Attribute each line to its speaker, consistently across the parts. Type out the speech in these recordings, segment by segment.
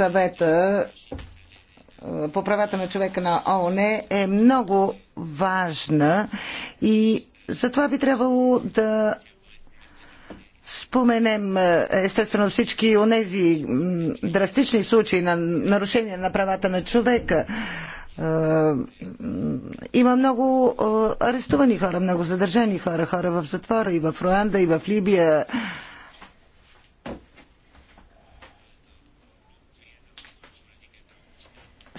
Speaker 1: съвета е, по правата на човека на ООН е много важна и затова би трябвало да споменем е, естествено всички онези драстични случаи на нарушение на правата на човека. Е, има много арестувани хора, много задържани хора, хора в затвора и в Руанда, и в Либия,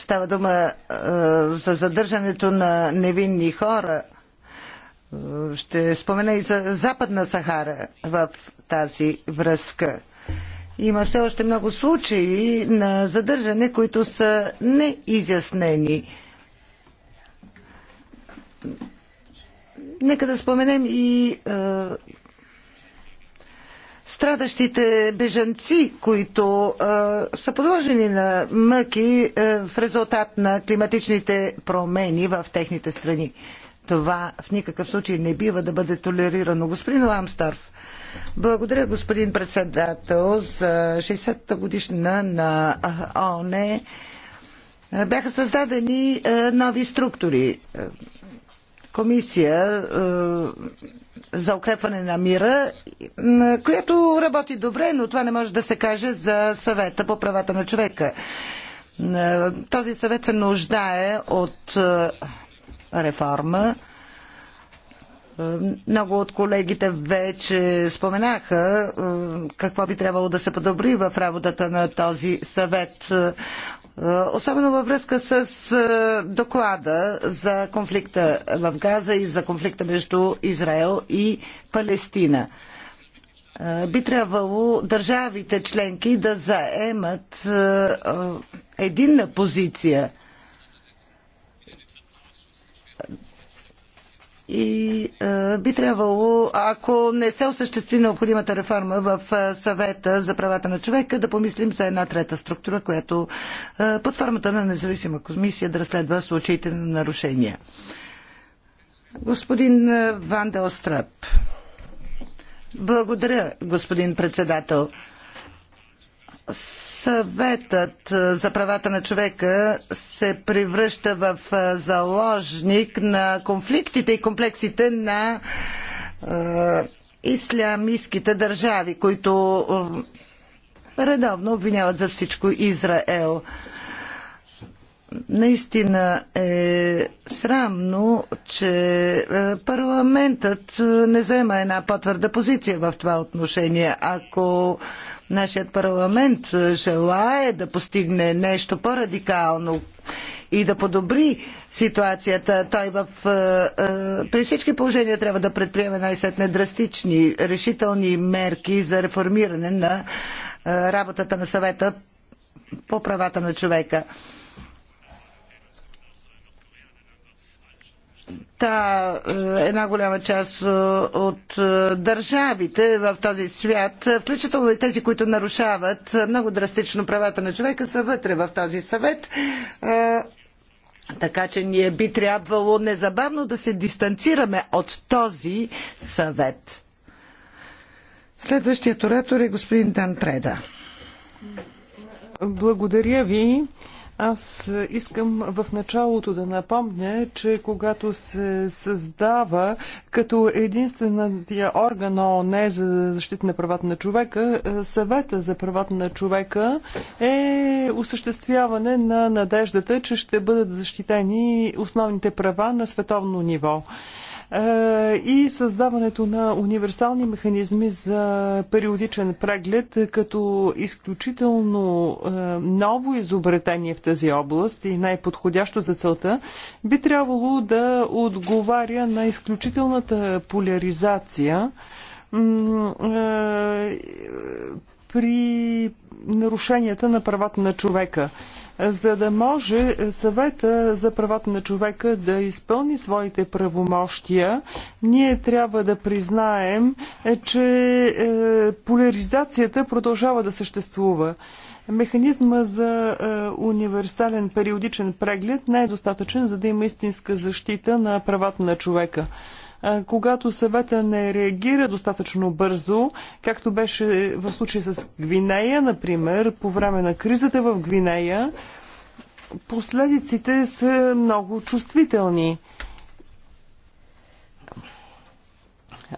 Speaker 1: Става дума е, за задържането на невинни хора. Е, ще спомена и за Западна Сахара в тази връзка. Има все още много случаи на задържане, които са неизяснени. Нека да споменем и е, страдащите бежанци, които са подложени на мъки в резултат на климатичните промени в техните страни. Това в никакъв случай не бива да бъде толерирано. Господин Ламстарф, благодаря господин председател за 60-та годишна на ООН. Бяха създадени нови структури. Комисия за укрепване на мира, която работи добре, но това не може да се каже за съвета по правата на човека. Този съвет се нуждае от е, реформа. Е, много от колегите вече споменаха е, какво би трябвало да се подобри в работата на този съвет. Е, особено във връзка с е, доклада за конфликта в Газа и за конфликта между Израел и Палестина. Е, би трябвало държавите членки да заемат единна позиция и е, би трябвало, ако не се осъществи необходимата реформа в е, съвета за правата на човека, да помислим за една трета структура, която е, под формата на независима комисия да разследва случаите на нарушения. Господин Ван Делстрап. Благодаря, господин председател. Съветът за правата на човека се превръща в заложник на конфликтите и комплексите на е, ислямистските държави, които редовно обвиняват за всичко Израел. Наистина е срамно, че парламентът не взема една по-твърда позиция в това отношение. Ако Нашият парламент е, желае да постигне нещо по-радикално и да подобри ситуацията. Той в, е, е, при всички положения трябва да предприеме най-сетне драстични, решителни мерки за реформиране на работата на съвета по правата на човека. та, е, една голяма част е, от е, държавите в този свят, включително и тези, които нарушават много драстично правата на човека, са вътре в този съвет. Така че ние би трябвало незабавно да се дистанцираме от този съвет. Следващият оратор е господин Дан Преда.
Speaker 2: Благодаря ви. Аз искам в началото да напомня, че когато се създава като единствения орган на ООН за защита на правата на човека, е, съвета за правата на човека е осъществяване на надеждата, че ще бъдат защитени основните права на световно ниво и създаването на универсални механизми за периодичен преглед като изключително е, ново изобретение в тази област и най-подходящо за целта, би трябвало да отговаря на изключителната поляризация е, при нарушенията на правата на човека за да може съвета за правата на човека да изпълни своите правомощия, ние трябва да признаем, е, че е, поляризацията продължава да съществува. Механизма за е, универсален периодичен преглед не е достатъчен, за да има истинска защита на правата на човека когато съвета не реагира достатъчно бързо, както беше в случая с Гвинея, например, по време на кризата в Гвинея, последиците са много чувствителни.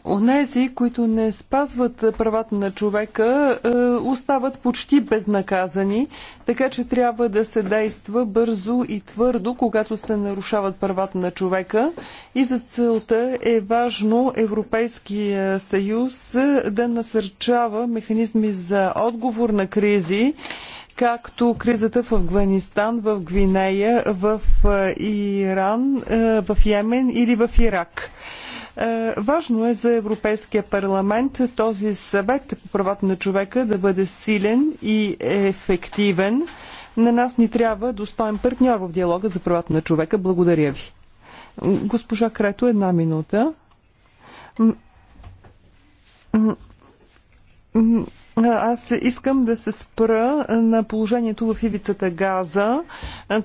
Speaker 2: Онези, които не спазват правата на човека, е, остават почти безнаказани, така че трябва да се действа бързо и твърдо, когато се нарушават правата на човека. И за целта е важно Европейския съюз да насърчава механизми за отговор на кризи, както кризата в Афганистан, в Гвинея, в е, Иран, е, в Йемен или в Ирак. Е, важно е за Европейския парламент този съвет по правата на човека да бъде силен и ефективен. На нас ни трябва достоен партньор в диалога за правата на човека. Благодаря ви. Госпожа Крето, една минута. Аз искам да се спра на положението в ивицата Газа.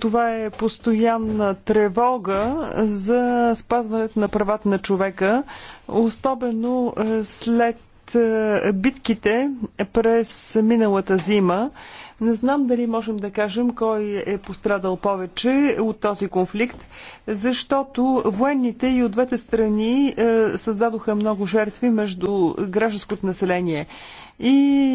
Speaker 2: Това е постоянна тревога за спазването на правата на човека, особено след битките през миналата зима. Не знам дали можем да кажем кой е пострадал повече от този конфликт, защото военните и от двете страни е, създадоха много жертви между гражданското население. И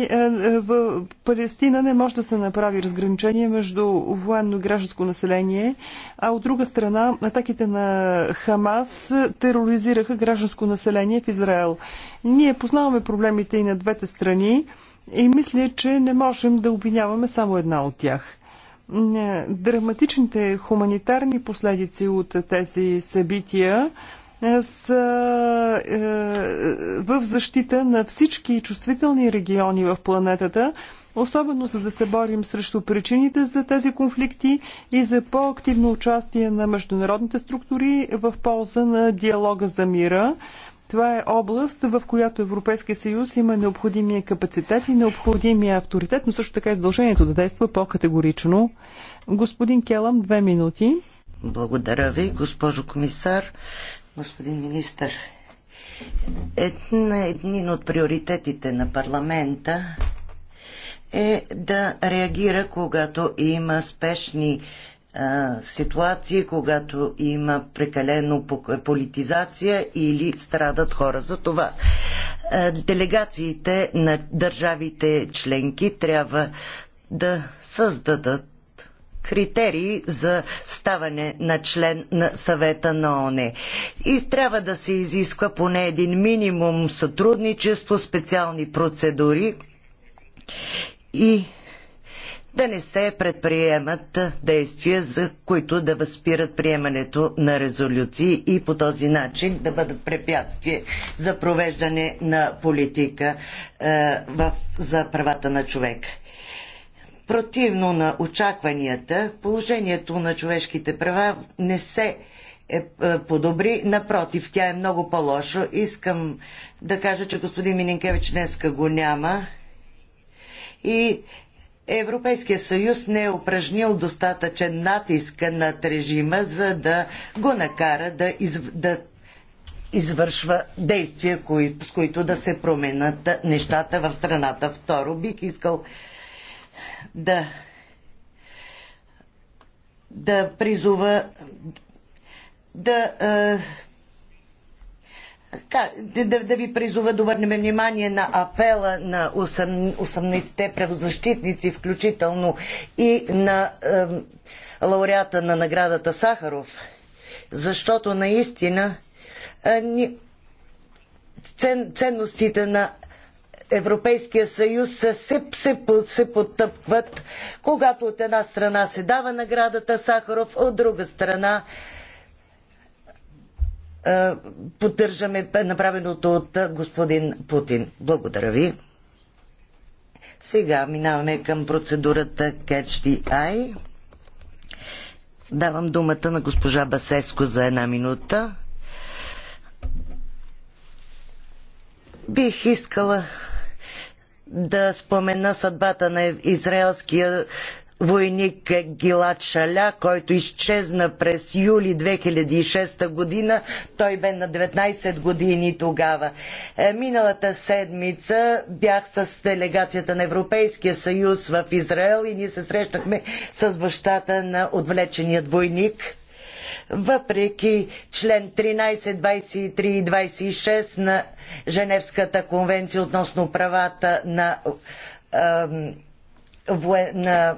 Speaker 2: е, е, в Палестина не може да се направи разграничение между военно и гражданско население, а от друга страна атаките на Хамас тероризираха гражданско население в Израел. Ние познаваме проблемите и на двете страни. И мисля, че не можем да обвиняваме само една от тях. Драматичните хуманитарни последици от тези събития е, са е, в защита на всички чувствителни региони в планетата, особено за да се борим срещу причините за тези конфликти и за по-активно участие на международните структури в полза на диалога за мира. Това е област, в която Европейския съюз има необходимия капацитет и необходимия авторитет, но също така и задължението да действа по-категорично. Господин Келам, две минути. Благодаря ви, госпожо комисар,
Speaker 1: господин министър. Една, един от приоритетите на парламента е да реагира, когато има спешни а, ситуации, когато има прекалено политизация или страдат хора за това. А, делегациите на държавите членки трябва да създадат критерии за ставане на член на съвета на ОНЕ. И трябва да се изисква поне един минимум сътрудничество, специални процедури и да не се предприемат действия, за които да възпират приемането на резолюции и по този начин да бъдат препятствие за провеждане на политика е, в, за правата на човека. Противно на очакванията, положението на човешките права не се е, е подобри. Напротив, тя е много по-лошо. Искам да кажа, че господин Мининкевич днеска го няма. И Европейския съюз не е упражнил достатъчен натиск над режима, за да го накара да, из, да извършва действия, кои, с които да се променят нещата в страната. Второ, бих искал да, да призова да да, да ви призова да обърнем внимание на апела на 18-те правозащитници, включително и на е, лауреата на наградата Сахаров, защото наистина е, ни, цен, ценностите на Европейския съюз се, се, се потъпват, когато от една страна се дава наградата Сахаров, от друга страна е, поддържаме направеното от господин Путин. Благодаря ви. Сега минаваме към процедурата Catch the Eye. Давам думата на госпожа Басеско за една минута. Бих искала да спомена съдбата на израелския войник е Гилат Шаля, който изчезна през юли 2006 година. Той бе на 19 години тогава. Е, миналата седмица бях с делегацията на Европейския съюз в Израел и ние се срещнахме с бащата на отвлеченият войник въпреки член 13, 23 и 26 на Женевската конвенция относно правата на, на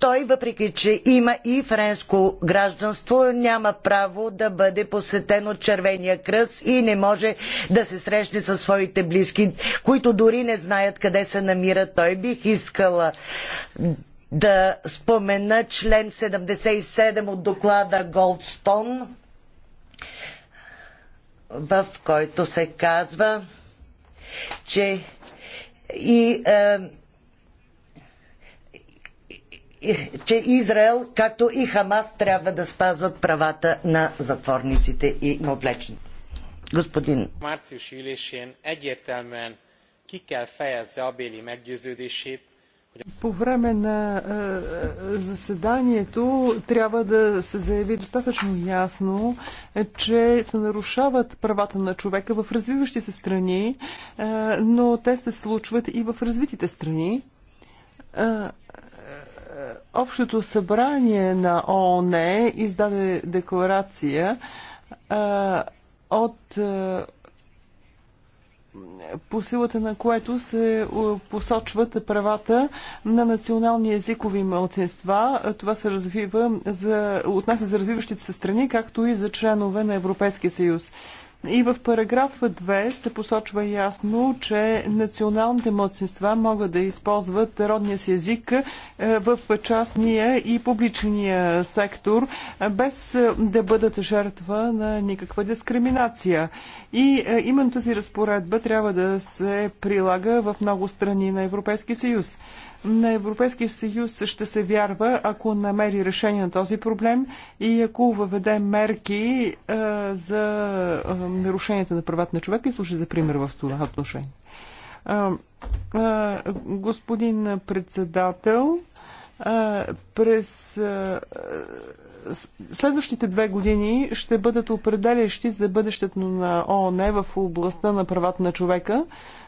Speaker 1: Той, въпреки че има и френско гражданство, няма право да бъде посетен от Червения кръст и не може да се срещне със своите близки, които дори не знаят къде се намира той. Бих искала да спомена член 77 от доклада Голдстон, в който се казва, че и е, че Израел, както и Хамас, трябва да спазват правата на затворниците и на отвлечените. Господин.
Speaker 2: Március ülésén egyértelműen ki kell fejezze abéli
Speaker 1: meggyőződését,
Speaker 2: по време на е, е, заседанието трябва да се заяви достатъчно ясно, е, че се нарушават правата на човека в развиващи се страни, е, но те се случват и в развитите страни. Е, Общото събрание на ООН издаде декларация а, от а, по силата на което се посочват правата на национални езикови малцинства. Това се развива за, отнася за развиващите се страни, както и за членове на Европейския съюз. И в параграф 2 се посочва ясно, че националните младсинства могат да използват родния си език е, в частния и публичния сектор, е, без е, да бъдат жертва на никаква дискриминация. И именно тази разпоредба трябва да се прилага в много страни на Европейския съюз на Европейския съюз ще се вярва, ако намери решение на този проблем и ако въведе мерки а, е, за а, е, нарушенията на правата на човека и служи за пример в това отношение. А, е, а, господин председател, през следващите две години ще бъдат определящи за бъдещето на ООН в областта на правата на човека,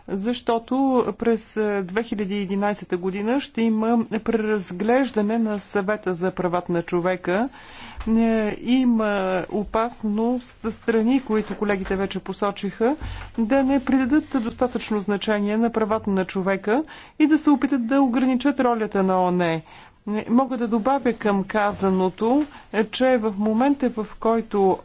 Speaker 2: защото през 2011 година ще има преразглеждане на съвета за правата на човека. Е, има опасност страни, които колегите вече посочиха, да не придадат достатъчно значение на правата на човека и да се опитат да ограничат ролята на ОНЕ. Мога да добавя към казаното, е, че в момента, в който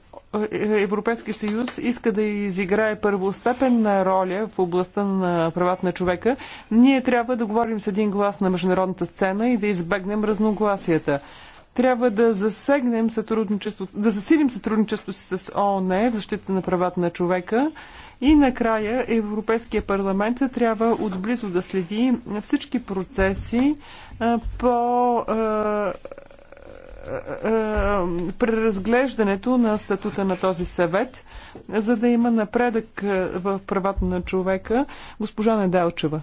Speaker 2: е, е, Европейски съюз иска да изиграе първостепенна роля в областта на правата на човека, ние трябва да говорим с един глас на международната сцена и да избегнем разногласията. Трябва да засегнем сътрудничеството, да засилим сътрудничеството си с ООН в защита на правата на човека. И накрая Европейския парламент трябва отблизо да следи всички процеси по преразглеждането на статута на този съвет, за да има напредък в правата на човека. Госпожа Недалчева.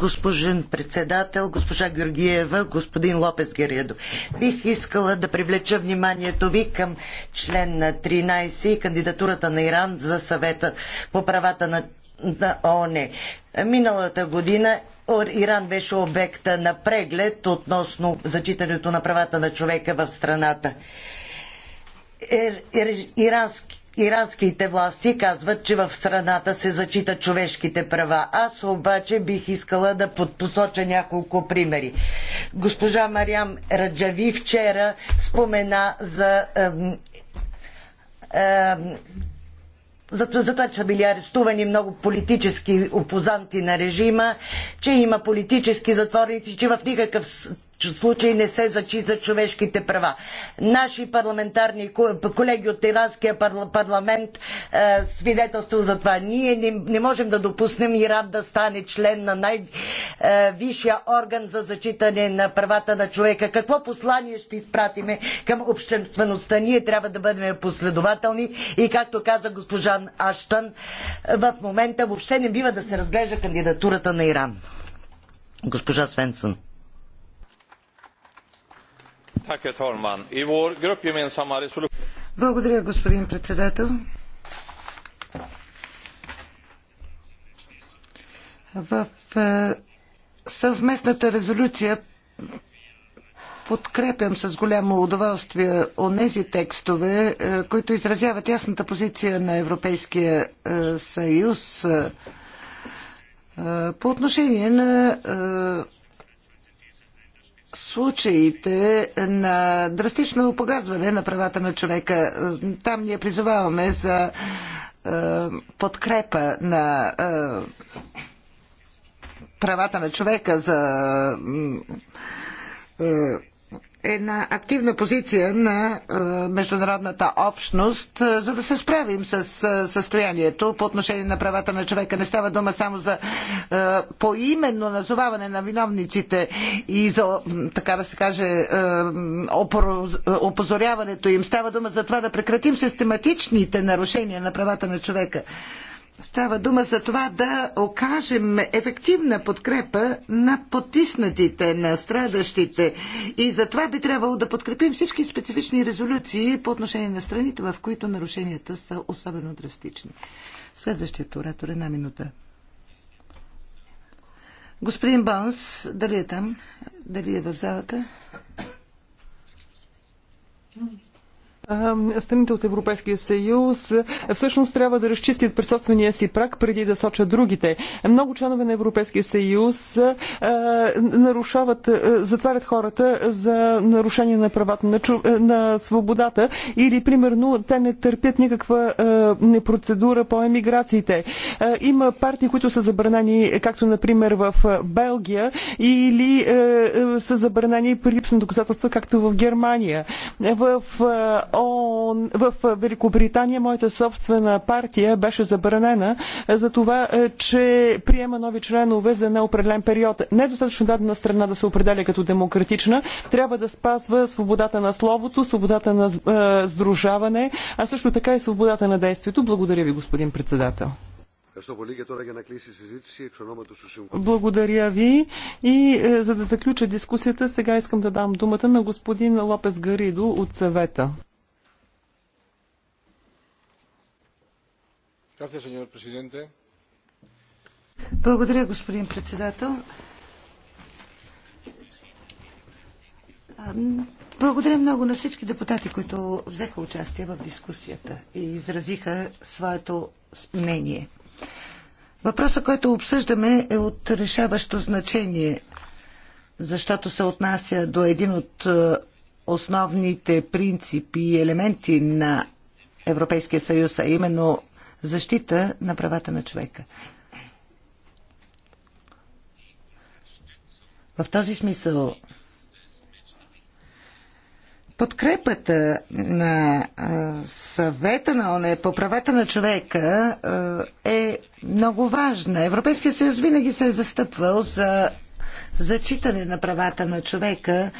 Speaker 1: Госпожен председател, госпожа Георгиева, господин Лопес Гериедо. Бих искала да привлеча вниманието ви към член на 13 и кандидатурата на Иран за съвета по правата на, на ООН. Миналата година Иран беше обекта на преглед относно зачитането на правата на човека в страната. Ирански Иранските власти казват, че в страната се зачита човешките права. Аз обаче бих искала да подпосоча няколко примери. Госпожа Мариам Раджави вчера спомена за ем, ем, че са били арестувани много политически опозанти на режима, че има политически затворници, че в никакъв случай не се зачитат човешките права. Наши парламентарни колеги от иранския парламент е, свидетелство за това. Ние не, не можем да допуснем Иран да стане член на най-висшия е, орган за зачитане на правата на човека. Какво послание ще изпратиме към обществеността? Ние трябва да бъдем последователни и както каза госпожа Аштън, в момента въобще не бива да се разглежда кандидатурата на Иран. Госпожа Свенсън. Благодаря, господин председател. В е, съвместната резолюция подкрепям с голямо удоволствие онези текстове, е, които изразяват ясната позиция на Европейския е, съюз по отношение на случаите на драстично погазване на правата на човека. Там ние призоваваме за е, подкрепа на е, правата на човека, за е, една активна позиция на е, международната общност, е, за да се справим с е, състоянието по отношение на правата на човека. Не става дума само за поименно назоваване на виновниците и за, така да се каже, опозоряването им. Става дума за това да прекратим систематичните нарушения на правата на човека. Става дума за това да окажем ефективна подкрепа на потиснатите, на страдащите. И за това би трябвало да подкрепим всички специфични резолюции по отношение на страните, в които нарушенията са особено драстични. Следващият оратор една минута. Господин Банс, дали е там? Дали е в залата?
Speaker 2: Mm-hmm страните от Европейския съюз всъщност трябва да разчистят при собствения си прак преди да сочат другите. Много членове на Европейския съюз нарушават, затварят хората за нарушение на правата на, чу... на свободата или примерно те не търпят никаква процедура по емиграциите. Има партии, които са забранени, както например в Белгия или са забранени при липса на доказателства, както в Германия. В ООН, в Великобритания моята собствена партия беше забранена за това, е, че приема нови членове за неопределен период. Не е достатъчно дадена страна да се определя като демократична. Трябва да спазва свободата на словото, свободата на е, сдружаване, а също така и свободата на действието. Благодаря ви, господин председател. Благодаря ви. И е, за да заключа дискусията, сега искам да дам думата на господин Лопес Гаридо от съвета.
Speaker 1: Благодаря, господин председател. Благодаря много на всички депутати, които взеха участие в дискусията и изразиха своето мнение. Въпросът, който обсъждаме, е от решаващо значение, защото се отнася до един от е, основните принципи и елементи на Европейския съюз, а именно защита на правата на човека. В този смисъл подкрепата на съвета на ОНЕ по правата на човека е много важна. Европейския съюз винаги се е застъпвал за зачитане на правата на човека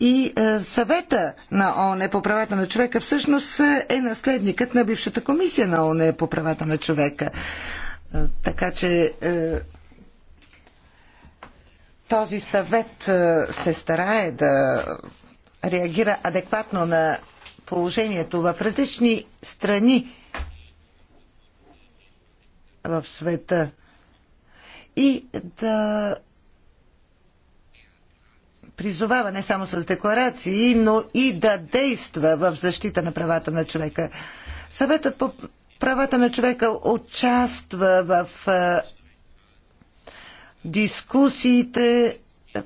Speaker 1: и е, съвета на ООН по правата на човека всъщност е наследникът на бившата комисия на ООН по правата на човека. Е, така че е, този съвет се старае да реагира адекватно на положението в различни страни в света и да призовава не само с декларации, но и да действа в защита на правата на човека. Съветът по правата на човека участва в е, дискусиите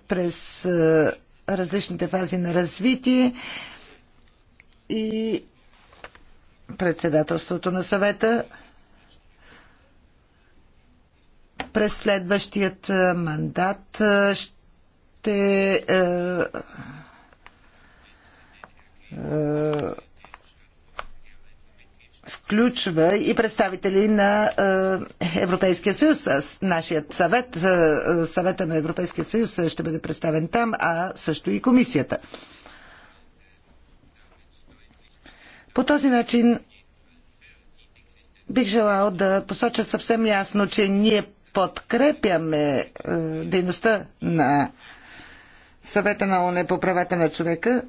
Speaker 1: през е, различните фази на развитие и председателството на съвета през следващият мандат ще ще е, е, включва и представители на е, Европейския съюз. Нашият съвет, е, съвета на Европейския съюз ще бъде представен там, а също и комисията. По този начин бих желал да посоча съвсем ясно, че ние подкрепяме е, дейността на съвета на ОНЕ по правата на човека.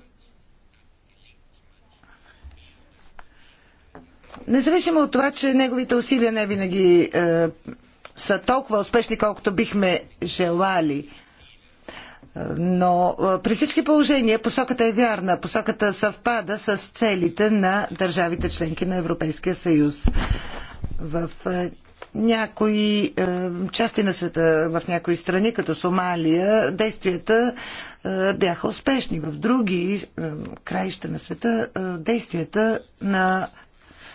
Speaker 1: Независимо от това, че неговите усилия не винаги е, са толкова успешни, колкото бихме желали. Е, но е, при всички положения посоката е вярна. Посоката съвпада с целите на държавите членки на Европейския съюз. В е, някои е, части на света, в някои страни, като Сомалия, действията е, бяха успешни. В други е, краища на света е, действията на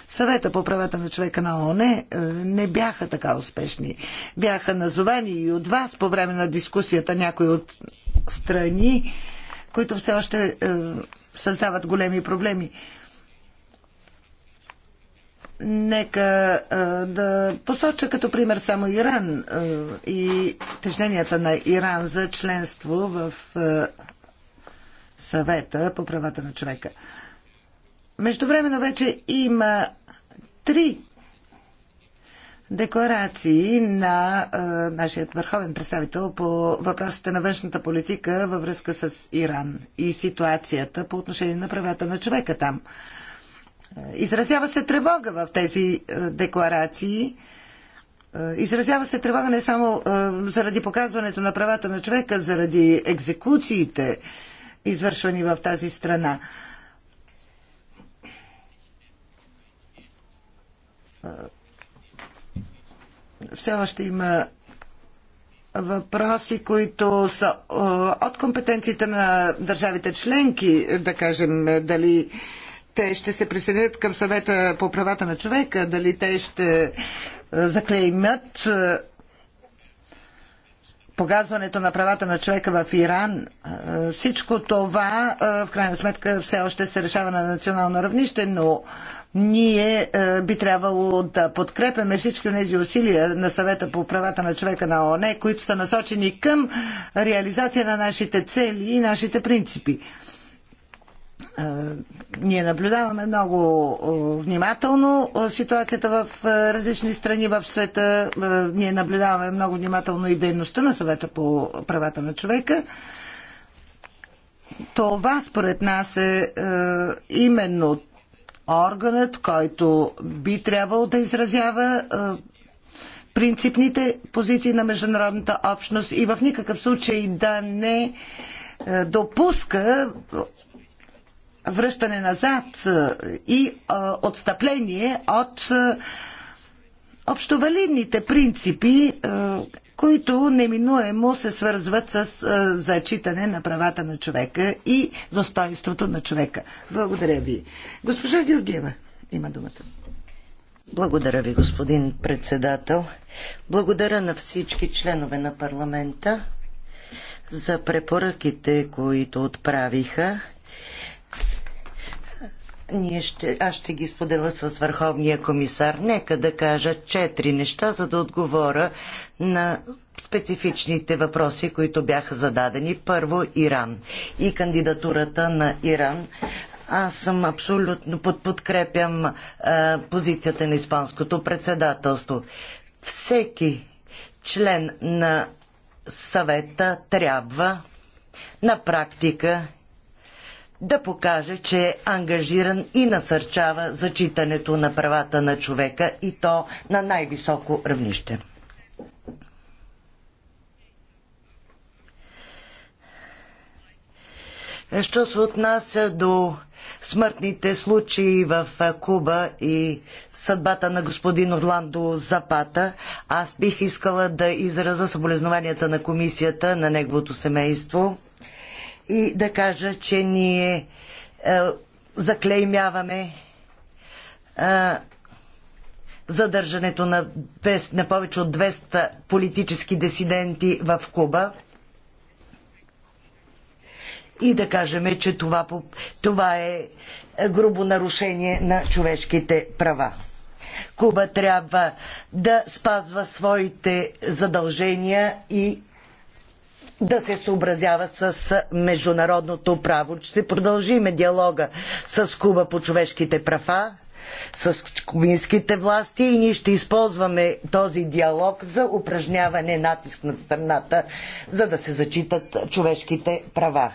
Speaker 1: съвета по правата на човека на ООН е, не бяха така успешни. Бяха назовани и от вас по време на дискусията някои от страни, които все още е, създават големи проблеми. Нека а, да посоча като пример само Иран а, и тежненията на Иран за членство в а, съвета по правата на човека. Междувременно вече има три декларации на а, нашия върховен представител по въпросите на външната политика във връзка с Иран и ситуацията по отношение на правата на човека там. А, Изразява се тревога в тези е, декларации. Е, изразява се тревога не само е, заради показването на правата на човека, заради екзекуциите, извършвани в тази страна. Все още има въпроси, които са от компетенциите на държавите членки, да кажем, дали те ще се присъединят към съвета по правата на човека, дали те ще е, заклеймят е, погазването на правата на човека в Иран, е, всичко това в крайна сметка все още се решава на национално равнище, но ние би трябвало да подкрепяме всички тези усилия на съвета по правата на човека на ООН, които са насочени към реализация на нашите цели и нашите принципи. Е, ние наблюдаваме много е, внимателно е, ситуацията в различни страни в света. Ние наблюдаваме много внимателно и дейността на съвета по правата на човека. Това според нас е именно органът, който би трябвало да изразява принципните позиции на международната общност и в никакъв случай да не допуска връщане назад е, и е, отстъпление от е, общовалидните принципи, които неминуемо се свързват с зачитане на правата на човека и достоинството на човека. Благодаря ви. Госпожа Георгиева има думата. Благодаря ви, господин председател. Благодаря на всички членове на парламента за препоръките, които отправиха ние ще, аз ще ги споделя с Върховния комисар. Нека да кажа четири неща, за да отговоря на специфичните въпроси, които бяха зададени. Първо, Иран и кандидатурата на Иран. Аз съм абсолютно под, подкрепям а, позицията на Испанското председателство. Всеки член на съвета трябва на практика да покаже, че е ангажиран и насърчава зачитането на правата на човека и то на най-високо равнище. Що се отнася до смъртните случаи в Куба и съдбата на господин Орландо Запата, аз бих искала да израза съболезнованията на комисията, на неговото семейство и да кажа, че ние е, заклеймяваме е, задържането на, на повече от 200 политически дисиденти в Куба и да кажем, че това, това е грубо нарушение на човешките права. Куба трябва да спазва своите задължения и да се съобразява с международното право. че Ще продължиме диалога с Куба по човешките права, с кубинските власти и ние ще използваме този диалог за упражняване натиск над страната, за да се зачитат човешките права.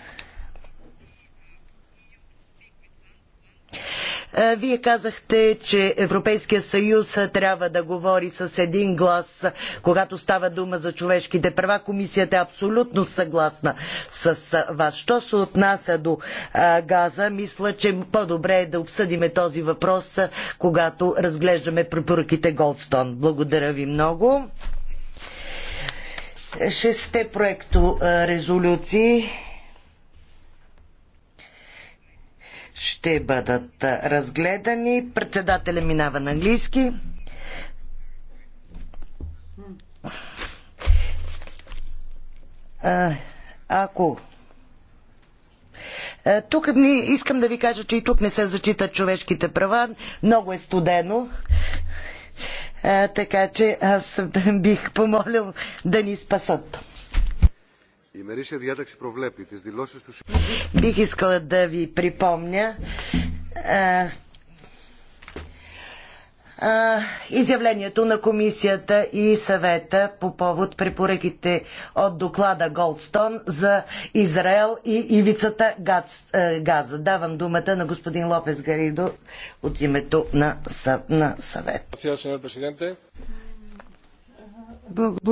Speaker 1: Е, вие казахте, че Европейският съюз трябва да говори с един глас, когато става дума за човешките права. Комисията е абсолютно съгласна с вас. Що се отнася до е, газа, мисля, че по-добре е да обсъдим този въпрос, когато разглеждаме препоръките Голдстон. Благодаря ви много. Шесте проекто е, резолюции ще бъдат разгледани. Председателя минава на английски. А, ако тук ни, искам да ви кажа, че и тук не се зачитат човешките права. Много е студено. А, така че аз бих помолил да ни спасат διάταξη προβλέπει τις δηλώσεις του... Бих искала да ви припомня а, а, изявлението на комисията и съвета по повод препоръките от доклада Голдстон за Израел и ивицата газ, а, Газа. Давам думата на господин Лопес Гаридо от името на, съ, на съвет. Благодаря,